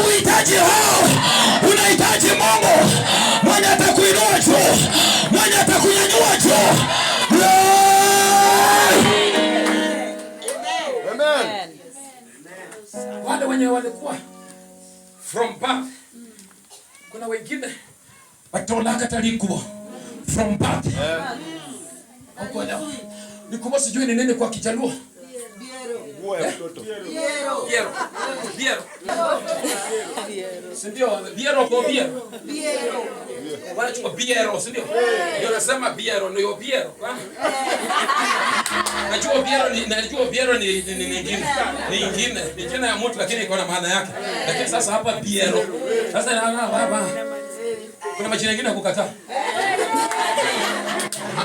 uhitaji hao, unahitaji Mungu mwenye atakuinua juu, mwenye atakunyanyua juu. Wale wenye walikuwa from birth, kuna wengine watolakatalikuwa from birth nikuwa eh. sijui ni nini kwa Kijaluo Biero. Biero. Sindio, ndio? kwa Biero. Biero. Wanachukua Biero, si sindio? Ndio nasema Biero ndio Biero. Najua Biero ni najua Biero ni ni nyingine. Ni nyingine. Ni jina ya mtu lakini iko na maana yake. Lakini sasa hapa Biero. Sasa na na baba. kuna majina mengine kukataa.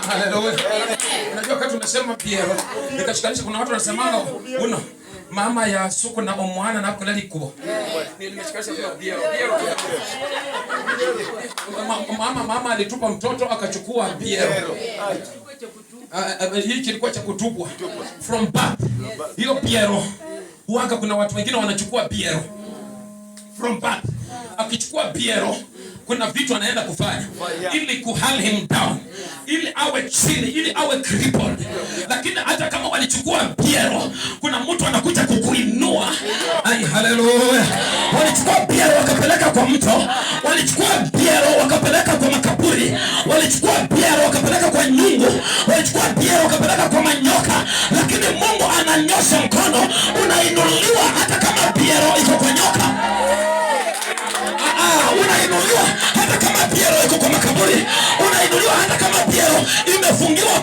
Haleluya. Unajua wakati unasema Piero. nikashikanisha kuna watu wanasema una mama ya suku na omwana na kulali kubo mama mama alitupa mtoto akachukua biero ah, ah, hii kilikuwa cha kutupwa from birth hiyo biero huanga kuna watu wengine wanachukua biero from birth akichukua biero kuna vitu anaenda kufanya ili kuhal him down ili awe chini ili awe crippled walichukua biero, kuna mtu anakuja kukuinua. Ai, haleluya! Walichukua biero wakapeleka kwa mto, walichukua biero wakapeleka kwa makaburi, walichukua biero wakapeleka kwa nyungu, walichukua biero wakapeleka kwa manyoka, lakini Mungu ananyosha mkono, unainuliwa hata kama biero iko kwa nyoka. Ah, ah, unainuliwa hata kama biero iko kwa makaburi, unainuliwa hata kama biero imefungiwa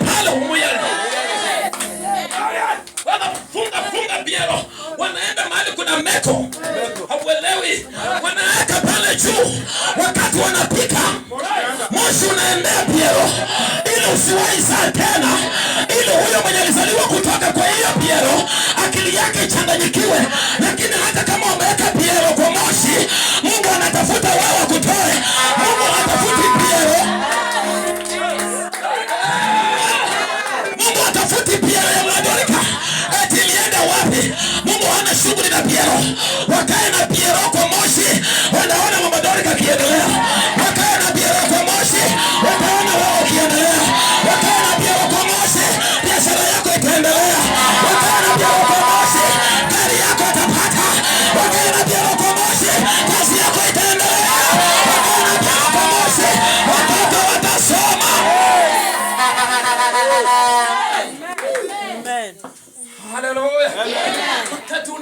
vyeo, wanaenda mahali kuna meko, hauelewi, wanaweka pale juu wakati wanapika moshi unaendea piero, ili usiwaisa tena, ili huyo mwenye alizaliwa kutoka kwa hiyo piero akili yake ichanganyikiwe na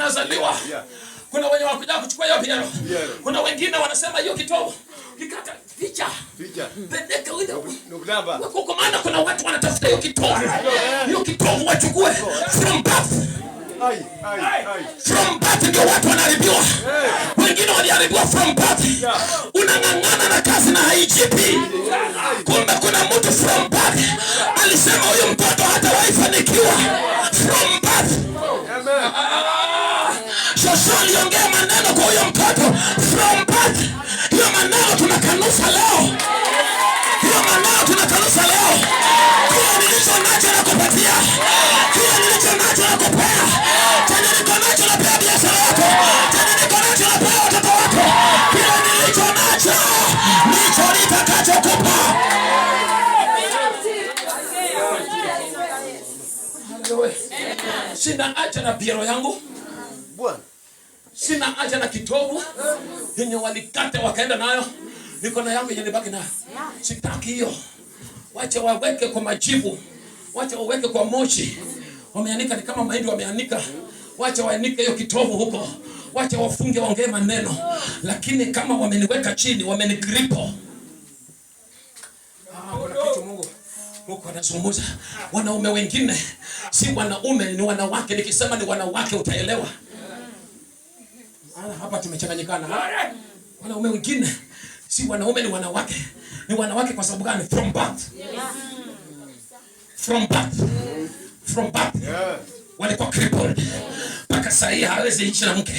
wanazaliwa kuna wenye wakuja kuchukua hiyo piano. Kuna wengine wanasema hiyo kitovu kikata picha pendeka wewe nukulaba no, kwa maana kuna watu wanatafuta hiyo kitovu hiyo eh. kitovu wachukue eh. from birth. Ai ai ai from birth ndio watu wanaharibiwa, wengine waliharibiwa from birth. Unang'ang'ana na kazi na haijipi, kumbe kuna mtu from birth alisema huyo mtoto hata waifanikiwa from birth tunampata. Ndio maana tunakanusha leo, ndio maana tunakanusha leo. Kila nilicho nacho nakupatia, kila nilicho nacho nakupea. Tena niko nacho napea biashara yako, tena niko nacho napea watoto wako. Kila nilicho nacho ndicho nitakachokupa. Sina acha na biero yangu Bwana. Sina haja na kitovu yenye walikata wakaenda nayo, niko na yangu yenye nibaki nayo. Sitaki hiyo, wacha waweke kwa majivu, wacha waweke kwa moshi. Wameanika ni kama mahindi wameanika, wacha waanike hiyo kitovu huko, wacha wafunge, waongee maneno, lakini kama wameniweka chini, wamenigripo ah, Mungu anazungumza. Wanaume wengine si wanaume, ni wanawake. Nikisema ni wanawake utaelewa. Ana, ah, Hapa tumechanganyikana. Wanaume wengine si wanaume, ni wanawake. Ni wanawake kwa sababu gani? From birth. Yes. From birth. Yes. From birth. Yes. Walikuwa crippled. Mpaka saa hii hawezi ichi na mke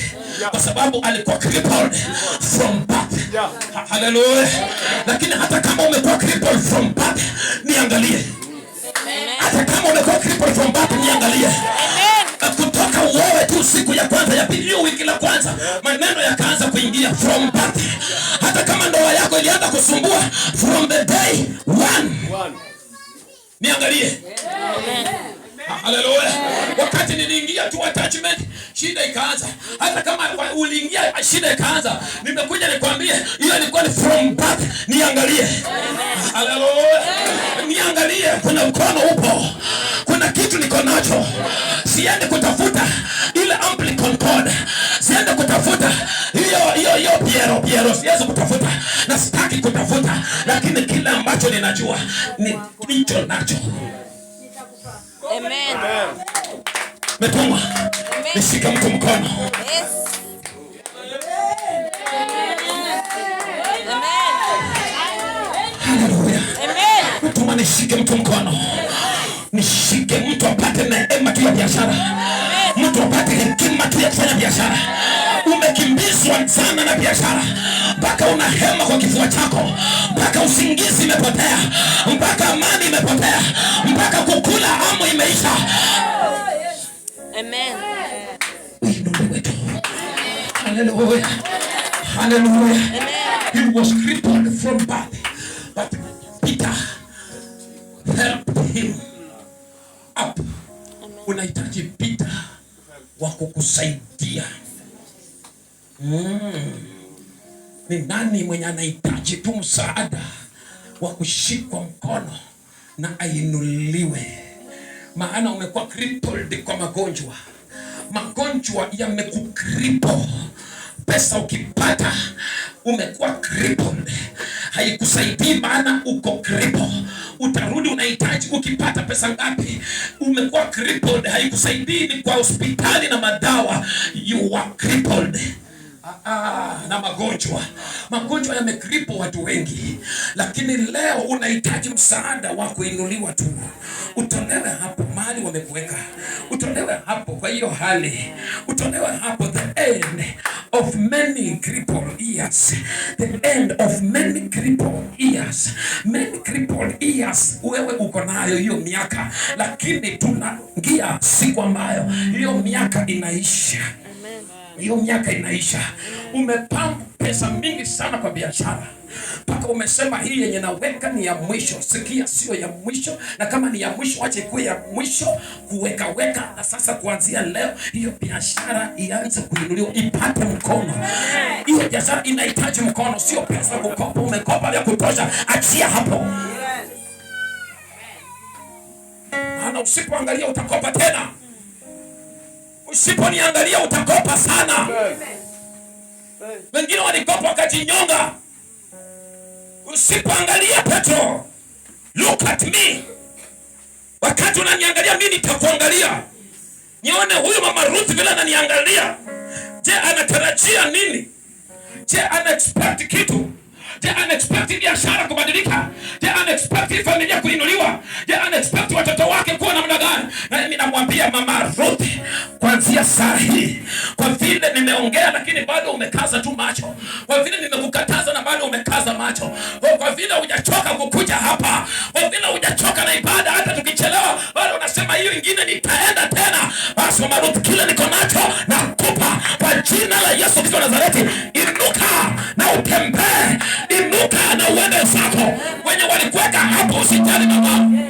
kwa sababu alikuwa crippled Yes. from birth. Hallelujah. Yes. Lakini hata kama umekuwa crippled from birth, niangalie. Hata kama umekuwa crippled from birth, niangalie kutoka uowe tu siku ya kwanza ya pili, hiyo wiki la kwanza, maneno yakaanza kuingia from party. Hata kama ndoa yako ilianza kusumbua from the day one. Niangalie, ah, haleluya! Wakati niliingia tu attachment, shida ikaanza. Hata kama uliingia, shida ikaanza. Nimekuja nikwambie, hiyo ilikuwa ni from birth. Niangalie, haleluya! niangalie, kuna mkono upo, kuna kitu niko nacho. Siende kutafuta ile Anglican cord, siende kutafuta hiyo hiyo hiyo piero piero, siwezi kutafuta na sitaki kutafuta, lakini kile ambacho ninajua ni kilicho nacho. Amen. Amen. Metumwa nishike mtu mkono. Yes. nishike mtu mkono, nishike mtu apate neema tu ya biashara, mtu apate hekima tu ya kufanya biashara. Umekimbizwa sana na biashara mpaka una hema kwa kifua chako, mpaka usingizi imepotea, mpaka amani imepotea, mpaka kukula amu imeisha. Amen. Hallelujah. Hallelujah. Amen. He was crippled from birth, but Peter help him up. Unahitaji pita wa kukusaidia. Hmm. Ni nani mwenye anahitaji tu msaada wa kushikwa mkono na ainuliwe? Maana umekuwa crippled kwa magonjwa, magonjwa yamekukripo. Pesa ukipata umekuwa crippled, haikusaidii maana uko cripple utarudi unahitaji kukipata pesa ngapi? Umekuwa crippled, haikusaidii kwa hospitali na madawa, you are crippled. Ah, na magonjwa magonjwa yamekripo watu wengi, lakini leo unahitaji msaada wa kuinuliwa tu, utolewe hapo mali wamekuweka, utolewe hapo kwa hiyo hali, utolewe hapo. The end of many crippled ears, the end of many crippled ears, many crippled ears. Wewe uko nayo hiyo miaka, lakini tunaingia siku ambayo hiyo miaka inaisha hiyo miaka inaisha, umepanga pesa mingi sana kwa biashara mpaka umesema hii yenye naweka ni ya mwisho. Sikia, sio ya mwisho, na kama ni ya mwisho wacha ikuwe ya mwisho kuwekaweka. Na sasa kuanzia leo hiyo biashara ianze kuinuliwa, ipate mkono. Hiyo biashara inahitaji mkono, sio pesa kukopa. Umekopa vya kutosha, achia hapo, maana usipoangalia utakopa tena. Usiponiangalia utakopa sana. Wengine walikopa wakajinyonga. Usipoangalia Petro, look at me. Wakati unaniangalia mimi nitakuangalia, nione huyu mama Ruth vile ananiangalia. Je, anatarajia nini? Je, ana kitu? Je, ana expect biashara kubadilika? Je, ana expect familia kuinuliwa? Je, ana watoto wake kuwa namna gani? Na mimi namwambia mama Ruth kuanzia saa hii, kwa vile nimeongea lakini bado umekaza tu macho, kwa vile nimekukataza na bado umekaza macho, kwa vile hujachoka kukuja hapa, kwa vile hujachoka na ibada. Hata tukichelewa bado unasema hiyo ingine nitaenda tena. Basi Baruthi, kile niko nacho nakupa kwa jina la Yesu Kristo Nazareti. Inuka na utembee, inuka na uende zako. Wenye walikuweka hapo usijali na